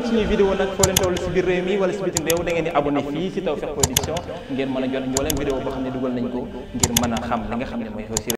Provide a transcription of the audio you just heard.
jot suñuy vidéo nag foo leen toll si biir réew mi wala si bitim réew da ngeen di abonné fii si Tawfekh Production ngeen mën a jot mbooleem vidéo boo xam ne dugal nañ ko ngir mën a xam ne mooy xew si